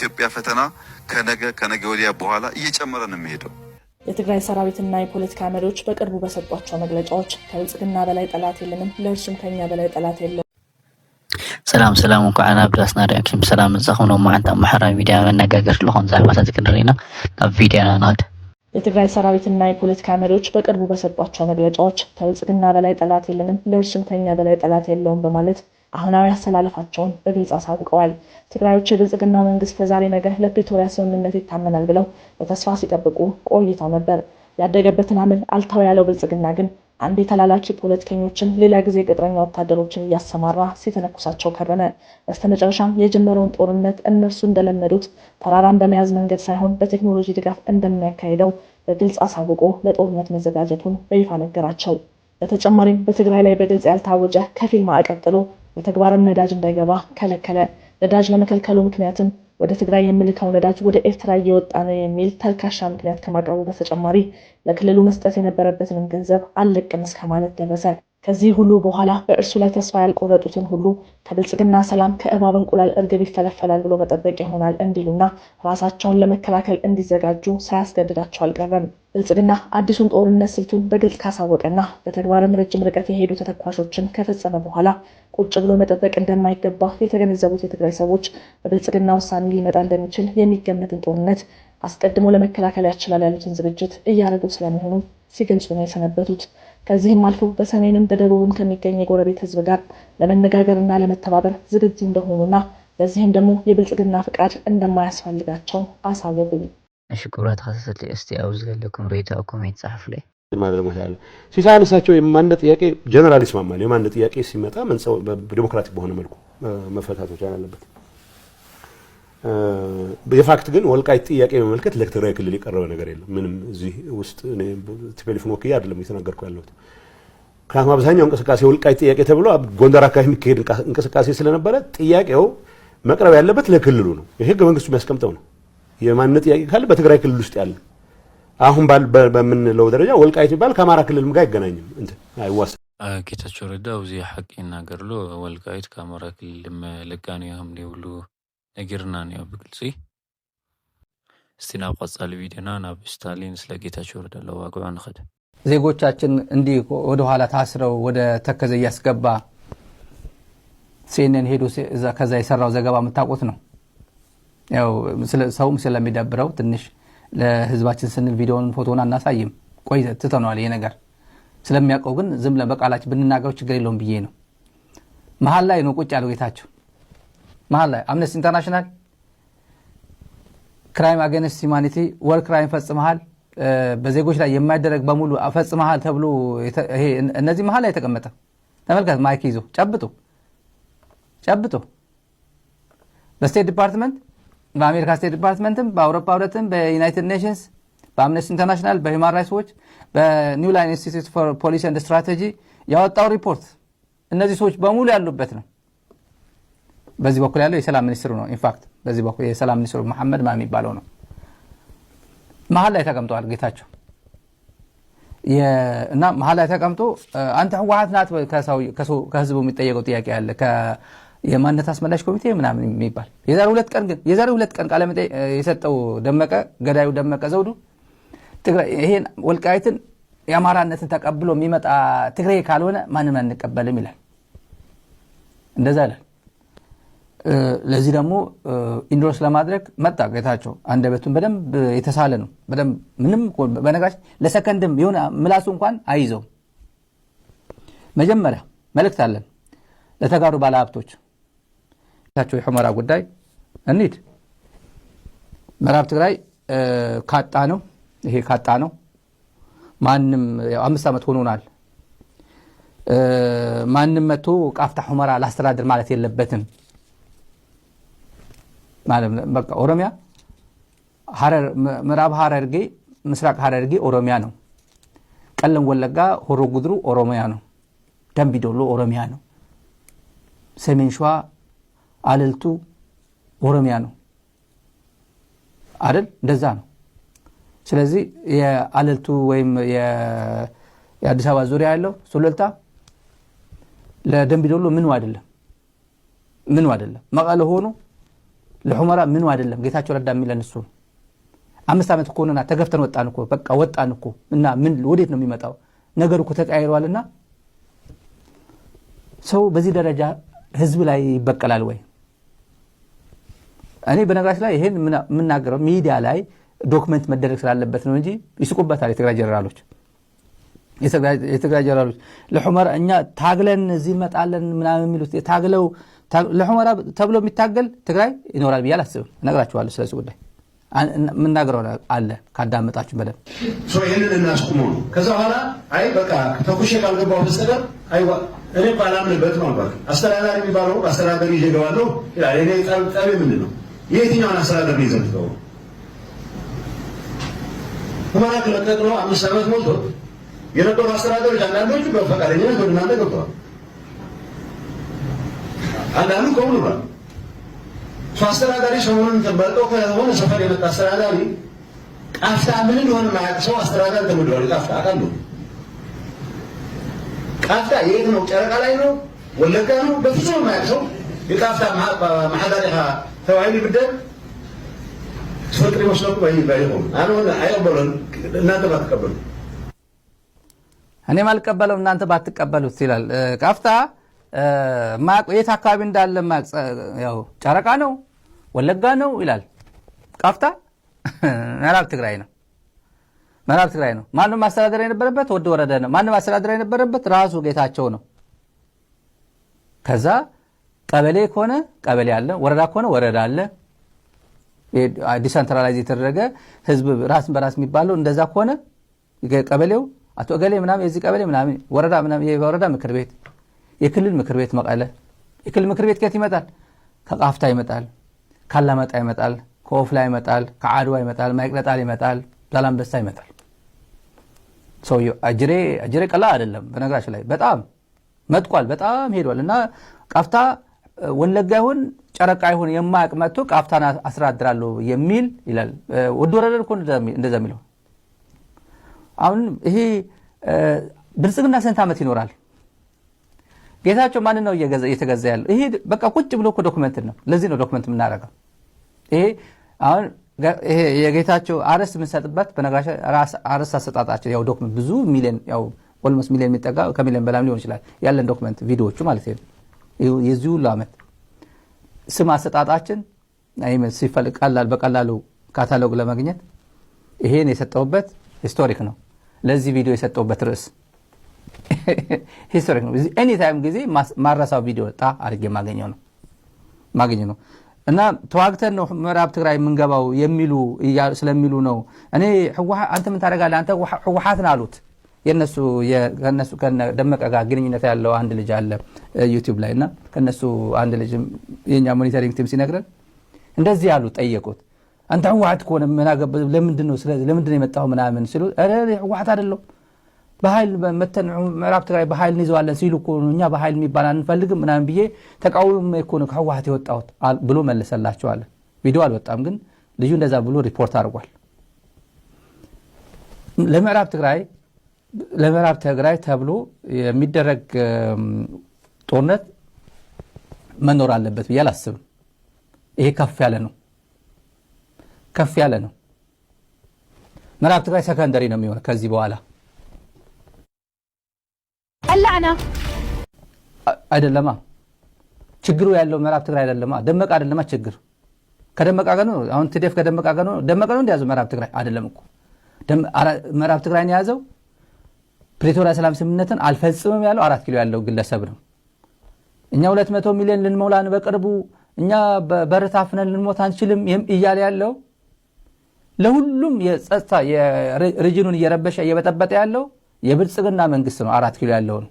የኢትዮጵያ ፈተና ከነገ ከነገ ወዲያ በኋላ እየጨመረ ነው የሚሄደው። የትግራይ ሰራዊትና የፖለቲካ መሪዎች በቅርቡ በሰጧቸው መግለጫዎች ከብልጽግና በላይ ጠላት የለንም፣ ለእርሱም ከኛ በላይ ጠላት የለም። ሰላም ሰላም እንኳዓና ናብ ዳስና ሪኣክሽን ብሰላም ንሳኹም ናብ መዓልቲ ማሕበራዊ ሚድያ መነጋገር ስለኾን ዛዕባታት ክንርኢና ናብ ቪድዮና ንኸድ። የትግራይ ሰራዊትና የፖለቲካ መሪዎች በቅርቡ በሰጧቸው መግለጫዎች ከብልጽግና በላይ ጠላት የለንም፣ ለእርሱም ከኛ በላይ ጠላት የለውም በማለት አሁናዊ አሰላለፋቸውን በግልጽ አሳውቀዋል። ትግራዮች የብልጽግና መንግስት ከዛሬ ነገር ለፕሪቶሪያ ስምምነት ይታመናል ብለው በተስፋ ሲጠብቁ ቆይተው ነበር። ያደገበትን አምል አልታው ያለው ብልጽግና ግን አንድ የተላላኪ ፖለቲከኞችን ሌላ ጊዜ ቅጥረኛ ወታደሮችን እያሰማራ ሲተነኩሳቸው ከረመ። በስተመጨረሻም የጀመረውን ጦርነት እነርሱ እንደለመዱት ተራራን በመያዝ መንገድ ሳይሆን በቴክኖሎጂ ድጋፍ እንደሚያካሄደው በግልጽ አሳውቆ ለጦርነት መዘጋጀቱን በይፋ ነገራቸው። በተጨማሪም በትግራይ ላይ በግልጽ ያልታወጀ ከፊል ማዕቀብ ጥሎ በተግባርም ነዳጅ እንዳይገባ ከለከለ። ነዳጅ ለመከልከሉ ምክንያትም ወደ ትግራይ የሚልከው ነዳጅ ወደ ኤርትራ እየወጣ ነው የሚል ተልካሻ ምክንያት ከማቅረቡ በተጨማሪ ለክልሉ መስጠት የነበረበትንም ገንዘብ አልለቅም እስከማለት ደረሰ። ከዚህ ሁሉ በኋላ በእርሱ ላይ ተስፋ ያልቆረጡትን ሁሉ ከብልጽግና ሰላም ከእባብ እንቁላል እርግብ ይፈለፈላል ብሎ መጠበቅ ይሆናል እንዲሉና ራሳቸውን ለመከላከል እንዲዘጋጁ ሳያስገድዳቸው አልቀረም። ብልጽግና አዲሱን ጦርነት ስልቱን በግልጽ ካሳወቀና በተግባርም ረጅም ርቀት የሄዱ ተተኳሾችን ከፈጸመ በኋላ ቁጭ ብሎ መጠበቅ እንደማይገባ የተገነዘቡት የትግራይ ሰዎች በብልጽግና ውሳኔ ሊመጣ እንደሚችል የሚገመትን ጦርነት አስቀድሞ ለመከላከል ያስችላል ያሉትን ዝግጅት እያደረጉ ስለመሆኑ ሲገልጹ ነው የሰነበቱት። ከዚህም አልፎ በሰሜንም በደቡብም ከሚገኝ የጎረቤት ህዝብ ጋር ለመነጋገርና ለመተባበር ዝግጁ እንደሆኑና ለዚህም ደግሞ የብልጽግና ፍቃድ እንደማያስፈልጋቸው አሳወቁኝ። እሺ ክብረት አሰሰል እስቲ አውዝ ገለኩም ሬታ ኮሜንት ጻፍ ላይ ሲሳነሳቸው የማንደ ጥያቄ ጀነራል ይስማማል። የማንደ ጥያቄ ሲመጣ ዲሞክራቲክ በሆነ መልኩ መፈታቶች አለበት። የፋክት ግን ወልቃይት ጥያቄ በመመልከት ለትግራይ ክልል የቀረበ ነገር የለም። ምንም እዚህ ውስጥ ቴሌፎን ወክዬ አይደለም እየተናገርኩ ያለሁት። ምክንያቱም አብዛኛው እንቅስቃሴ ወልቃይት ጥያቄ ተብሎ ጎንደር አካባቢ የሚካሄድ እንቅስቃሴ ስለነበረ ጥያቄው መቅረብ ያለበት ለክልሉ ነው። የህገ መንግስቱ የሚያስቀምጠው ነው። የማንነት ጥያቄ ካለ በትግራይ ክልል ውስጥ ያለ አሁን በምንለው ደረጃ ወልቃይት የሚባል ከአማራ ክልልም ጋር አይገናኝም። እንትን አይዋስ ጌታቸው ረዳ ውዚ ሐቂ ይናገርሎ ወልቃይት ከአማራ ክልልም ለቃኒ ያህም ብሉ ነገርና ነው ብግልጽ እስቲ ናብ ቀጻሊ ቪድዮና ናብ ስታሊን ስለ ጌታቸው ረዳ ሎ ዋግዑ ንኽድ ዜጎቻችን እንዲህ ወደኋላ ታስረው ወደ ተከዘ እያስገባ ሴንን ሄዶ ከዛ የሰራው ዘገባ የምታውቁት ነው። ያው ሰውም ስለሚደብረው ትንሽ ለህዝባችን ስንል ቪዲዮን ፎቶን አናሳይም። ቆይ ትተነዋል። ይሄ ነገር ስለሚያውቀው ግን ዝም ብለን በቃላችን ብንናገረው ችግር የለውም ብዬ ነው። መሀል ላይ ነው ቁጭ ያለው ጌታቸው መሀል ላይ አምነስቲ ኢንተርናሽናል ክራይም አገንስት ሂማኒቲ ወር ክራይም ፈጽመሃል፣ በዜጎች ላይ የማይደረግ በሙሉ ፈጽመሃል ተብሎ እነዚህ መሀል ላይ የተቀመጠ ተመልከት። ማይክ ይዞ ጨብጦ ጨብጦ በስቴት ዲፓርትመንት በአሜሪካ ስቴት ዲፓርትመንትም በአውሮፓ ህብረትም በዩናይትድ ኔሽንስ በአምነስቲ ኢንተርናሽናል በሂውማን ራይትስ ዎች በኒው ላይን ኢንስቲትዩት ፎር ፖሊሲ ኤንድ ስትራቴጂ ያወጣው ሪፖርት እነዚህ ሰዎች በሙሉ ያሉበት ነው። በዚህ በኩል ያለው የሰላም ሚኒስትሩ ነው። ኢንፋክት በዚህ በኩል የሰላም ሚኒስትሩ መሐመድ ማ የሚባለው ነው። መሀል ላይ ተቀምጠዋል ጌታቸው እና መሀል ላይ ተቀምጦ አንተ ህወሀት ናት ከህዝቡ የሚጠየቀው ጥያቄ አለ የማንነት አስመላሽ ኮሚቴ ምናምን የሚባል የዛሬ ሁለት ቀን ግን የዛሬ ሁለት ቀን ቃለ የሰጠው ደመቀ ገዳዩ ደመቀ ዘውዱ ይሄን ወልቃይትን የአማራነትን ተቀብሎ የሚመጣ ትግሬ ካልሆነ ማንም አንቀበልም ይላል። እንደዛ ይላል። ለዚህ ደግሞ ኢንዶርስ ለማድረግ መጣ ጌታቸው። አንደበቱን በደንብ የተሳለ ነው። በደንብ ምንም በነጋሽ ለሰከንድም የሆነ ምላሱ እንኳን አይዘው መጀመሪያ መልእክት አለን ለተጋሩ ባለሀብቶች ቸው የሑመራ ጉዳይ እኒድ ምዕራብ ትግራይ ካጣ ነው ይሄ ካጣ ነው። ማንም አምስት ዓመት ሆኖናል። ማንም መቶ ቃፍታ ሑመራ ላስተዳድር ማለት የለበትም ማለት በቃ ኦሮሚያ ምዕራብ ሐረርጌ ምስራቅ ሀረርጌ ኦሮሚያ ነው። ቀለም ወለጋ ሆሮ ጉድሩ ኦሮሚያ ነው። ደምቢ ኦሮሚያ ነው። ሰሜን ሸዋ አለልቱ ኦሮሚያ ነው አይደል? እንደዛ ነው። ስለዚህ የአለልቱ ወይም የአዲስ አበባ ዙሪያ ያለው ሱሉልታ ለደምቢ ዶሎ ምኑ አይደለም፣ ምኑ አይደለም መቀለ ሆኖ ለሑመራ ምኑ አይደለም። ጌታቸው ረዳ የሚለን እሱ አምስት ዓመት እኮ ሆነና ተገፍተን ወጣን እኮ በቃ ወጣን እኮ እና ምን ወዴት ነው የሚመጣው ነገር እኮ ተቀያይሯልና ሰው በዚህ ደረጃ ህዝብ ላይ ይበቀላል ወይ? እኔ በነገራችን ላይ ይሄን የምናገረው ሚዲያ ላይ ዶክመንት መደረግ ስላለበት ነው እንጂ ይስቁበታል የትግራይ ጀነራሎች የትግራይ ጀነራሎች ለሑመራ እኛ ታግለን እዚህ እንመጣለን ምናምን የሚሉት የታግለው ለሑመራ ተብሎ የሚታገል ትግራይ ይኖራል ብዬ አላስብም። እነግራችኋለሁ። ስለዚህ ጉዳይ የምናገረው አለ ካዳመጣችሁ በደንብ ይህንን እናስቁሙ ነው። ከዛ በኋላ አይ በቃ ተኩሼ ካልገባሁ በስተቀር እኔ ባላምንበት ነው አልኳት። አስተዳዳሪ የሚባለው አስተዳዳሪ ይሄደዋለሁ ይላል። እኔ ጠቤ ምንድን ነው? የየትኛውን አስተዳደር ነው የዘንድቀው? ሁመራ ከለቀቅነው አምስት ዓመት ሞልቶ የነበሩ አስተዳደሮች አንዳንዶቹ በፈቃደኝነት ወደ እናንተ ገብተዋል። አንዳንዱ ቆሙ ብሏል። አስተዳዳሪ ሰሞኑን ተባልቀው ከሆነ ሰፈር የመጣ አስተዳዳሪ ቃፍታ ምን እንደሆነ ማያውቅ ሰው አስተዳዳሪ ተመደዋል። ቃፍታ አቃሉ ቃፍታ የት ነው? ጨረቃ ላይ ነው? ወለጋ ነው? በፍጹም ማያውቅ ሰው የቃፍታ ተባይል ብደል ይብደል መስለቁ ይ አይሆን አሁን አይቀበሉን እናንተ ባትቀበሉ እኔም አልቀበለው እናንተ ባትቀበሉት ይላል ቃፍታ የት አካባቢ እንዳለ ያው ጨረቃ ነው ወለጋ ነው ይላል። ቃፍታ ምዕራብ ትግራይ ነው። ምዕራብ ትግራይ ነው። ማንም አስተዳደር የነበረበት ወድ ወረደ ነው። ማንም አስተዳደር የነበረበት ራሱ ጌታቸው ነው። ከዛ ቀበሌ ከሆነ ቀበሌ አለ፣ ወረዳ ከሆነ ወረዳ አለ። ዲሰንትራላይዝ የተደረገ ህዝብ ራስ በራስ የሚባለው እንደዛ ከሆነ ቀበሌው አቶ እገሌ ምናምን የዚህ ቀበሌ ምናምን ወረዳ ምናምን የወረዳ ምክር ቤት የክልል ምክር ቤት መቀለ የክልል ምክር ቤት ከየት ይመጣል? ከቃፍታ ይመጣል፣ ካላመጣ ይመጣል፣ ከኦፍላ ይመጣል፣ ከዓድዋ ይመጣል፣ ማይቅለጣል ይመጣል፣ ዛላንበሳ ይመጣል። ሰውየው አጅሬ ቀላ አይደለም። በነገራችን ላይ በጣም መጥቋል፣ በጣም ሄዷል። እና ቃፍታ ወለጋ ይሁን ጨረቃ ይሁን የማያውቅ መጥቶ ቃፍታን አስተዳድራለሁ የሚል ይላል። ወድ ወረደን እኮ እንደዛ የሚለው አሁን ይሄ ብልጽግና ስንት ዓመት ይኖራል? ጌታቸው ማንን ነው እየተገዛ ያለው? ይሄ በቃ ቁጭ ብሎ እኮ ዶክመንት ነው። ለዚህ ነው ዶክመንት የምናደርገው። ይሄ አሁን የጌታቸው አረስ የምንሰጥበት በነጋሻ አረስ አሰጣጣቸው ያው ዶክመንት ብዙ ሚሊዮን ያው ኦልሞስት ሚሊዮን የሚጠጋ ከሚሊዮን በላም ሊሆን ይችላል ያለን ዶክመንት ቪዲዮዎቹ ማለት ነው። የዚህ ሁሉ ዓመት ስም አሰጣጣችን ሲፈልግ ቀላል በቀላሉ ካታሎግ ለማግኘት ይሄን የሰጠውበት ሂስቶሪክ ነው። ለዚህ ቪዲዮ የሰጠውበት ርዕስ ሂስቶሪክ ነው። ኤኒ ታይም ጊዜ ማረሳው ቪዲዮ ወጣ አድርጌ ማገኘው ነው ማገኘ ነው እና ተዋግተን ነው ምዕራብ ትግራይ የምንገባው የሚሉ ስለሚሉ ነው። እኔ አንተ ምን ታደርጋለህ አንተ ህወሓትን አሉት። የነሱ ከነሱ ደመቀ ጋር ግንኙነት ያለው አንድ ልጅ አለ ዩቲዩብ ላይ እና ከነሱ አንድ ልጅ የኛ ሞኒተሪንግ ቲም ሲነግረን እንደዚህ ያሉ ጠየቁት። አንተ ህወሓት ከሆነ ለምንድን ነው የመጣው ምናምን ሲሉ ህወሓት አይደለሁም በኃይል መተን ምዕራብ ትግራይ በኃይል እንይዘዋለን ሲሉ እኛ በኃይል የሚባል አንፈልግም ምናምን ብዬ ተቃውሞ እኮ ነው ከህወሓት የወጣሁት ብሎ መለሰላቸዋለን። ቪዲዮ አልወጣም፣ ግን ልዩ እንደዛ ብሎ ሪፖርት አድርጓል። ለምዕራብ ትግራይ ለምዕራብ ትግራይ ተብሎ የሚደረግ ጦርነት መኖር አለበት ብዬ አላስብም። ይሄ ከፍ ያለ ነው፣ ከፍ ያለ ነው። ምዕራብ ትግራይ ሰከንደሪ ነው የሚሆነ ከዚህ በኋላ ላዕና አይደለማ ችግሩ ያለው ምዕራብ ትግራይ አይደለማ ደመቀ አይደለማ ችግር ከደመቀ ገ አሁን ትዴፍ ከደመቀ ገ ደመቀ ነው እንደያዘው ምዕራብ ትግራይ አይደለም እኮ ምዕራብ ትግራይን የያዘው ፕሪቶሪያ ሰላም ስምምነትን አልፈጽምም ያለው አራት ኪሎ ያለው ግለሰብ ነው። እኛ ሁለት መቶ ሚሊዮን ልንሞላን በቅርቡ እኛ በርታፍነን ልንሞት አንችልም እያለ ያለው ለሁሉም የጸጥታ ሪጅኑን እየረበሸ እየበጠበጠ ያለው የብልጽግና መንግስት ነው። አራት ኪሎ ያለው ነው።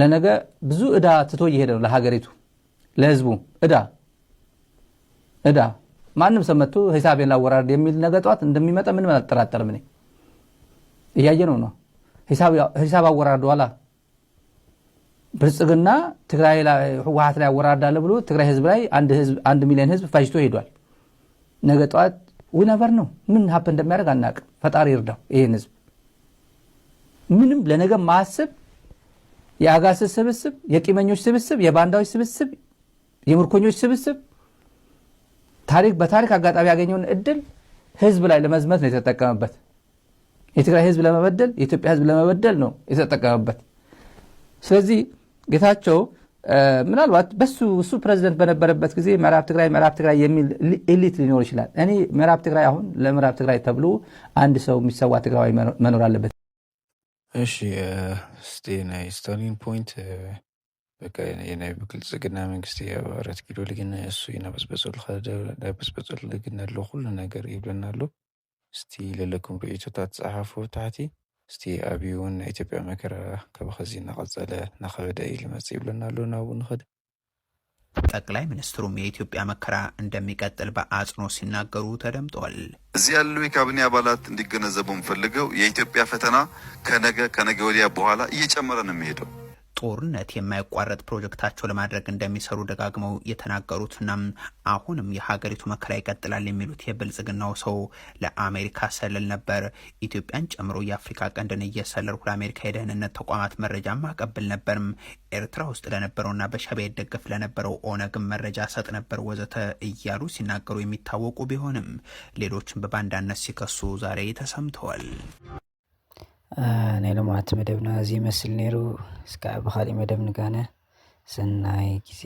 ለነገ ብዙ እዳ ትቶ እየሄደ ነው። ለሀገሪቱ ለህዝቡ እዳ እዳ ማንም ሰው መጥቶ ሂሳቤን ላወራርድ የሚል ነገ ጠዋት እንደሚመጣ ምንም አልጠራጠርም። እኔ እያየ ነው ነው ሂሳብ አወራርድ ኋላ ብልጽግና ትግራይ ህወሀት ላይ አወራርዳለ ብሎ ትግራይ ህዝብ ላይ አንድ ሚሊዮን ህዝብ ፈጅቶ ሄዷል። ነገ ጠዋት ዊነቨር ነው ምን ሀፕ እንደሚያደርግ አናውቅም። ፈጣሪ ይርዳው ይህን ህዝብ ምንም ለነገ ማሰብ የአጋስ ስብስብ፣ የቂመኞች ስብስብ፣ የባንዳዎች ስብስብ፣ የምርኮኞች ስብስብ ታሪክ በታሪክ አጋጣሚ ያገኘውን እድል ህዝብ ላይ ለመዝመት ነው የተጠቀመበት። የትግራይ ህዝብ ለመበደል፣ የኢትዮጵያ ህዝብ ለመበደል ነው የተጠቀመበት። ስለዚህ ጌታቸው ምናልባት በሱ እሱ ፕሬዚደንት በነበረበት ጊዜ ምዕራብ ትግራይ ምዕራብ ትግራይ የሚል ኤሊት ሊኖር ይችላል። እኔ ምዕራብ ትግራይ አሁን ለምዕራብ ትግራይ ተብሎ አንድ ሰው የሚሰዋ ትግራዊ መኖር አለበት። እሺ እስቲ ናይ ስታርሊንክ ፖይንት በቃ የናይ ናይ ብልፅግና መንግስቲ ኣብ ዕረት ኪዶልግና እሱ ይናበስበፀሉ ልግና ኣሎ ኩሉ ነገር ይብለና ኣሎ እስቲ ለለኩም ርእቶታት ፀሓፉ ታሕቲ እስቲ ኣብዩ እውን ናይ ኢትዮጵያ መከራ ከብ ከዚ እናቀፀለ እናኸበደ እዩ ልመፅእ ይብለና ኣሎ ናብኡ ንኸድ ጠቅላይ ሚኒስትሩም የኢትዮጵያ መከራ እንደሚቀጥል በአጽንኦት ሲናገሩ ተደምጧል። እዚህ ያሉ የካቢኔ አባላት እንዲገነዘቡ የምፈልገው የኢትዮጵያ ፈተና ከነገ ከነገ ወዲያ በኋላ እየጨመረ ነው የሚሄደው ጦርነት የማይቋረጥ ፕሮጀክታቸው ለማድረግ እንደሚሰሩ ደጋግመው የተናገሩትና አሁንም የሀገሪቱ መከራ ይቀጥላል የሚሉት የብልጽግናው ሰው ለአሜሪካ ሰልል ነበር። ኢትዮጵያን ጨምሮ የአፍሪካ ቀንድን እየሰለልኩ ለአሜሪካ የደህንነት ተቋማት መረጃ ማቀብል ነበርም ኤርትራ ውስጥ ለነበረውና በሻቢያ ይደገፍ ለነበረው ኦነግን መረጃ ሰጥ ነበር ወዘተ እያሉ ሲናገሩ የሚታወቁ ቢሆንም ሌሎችን በባንዳነት ሲከሱ ዛሬ ተሰምተዋል። ናይ ልምዓት መደብና እዚ ይመስል ነይሩ። እስከዓ ብካሊእ መደብ ንጋነ ሰናይ ግዜ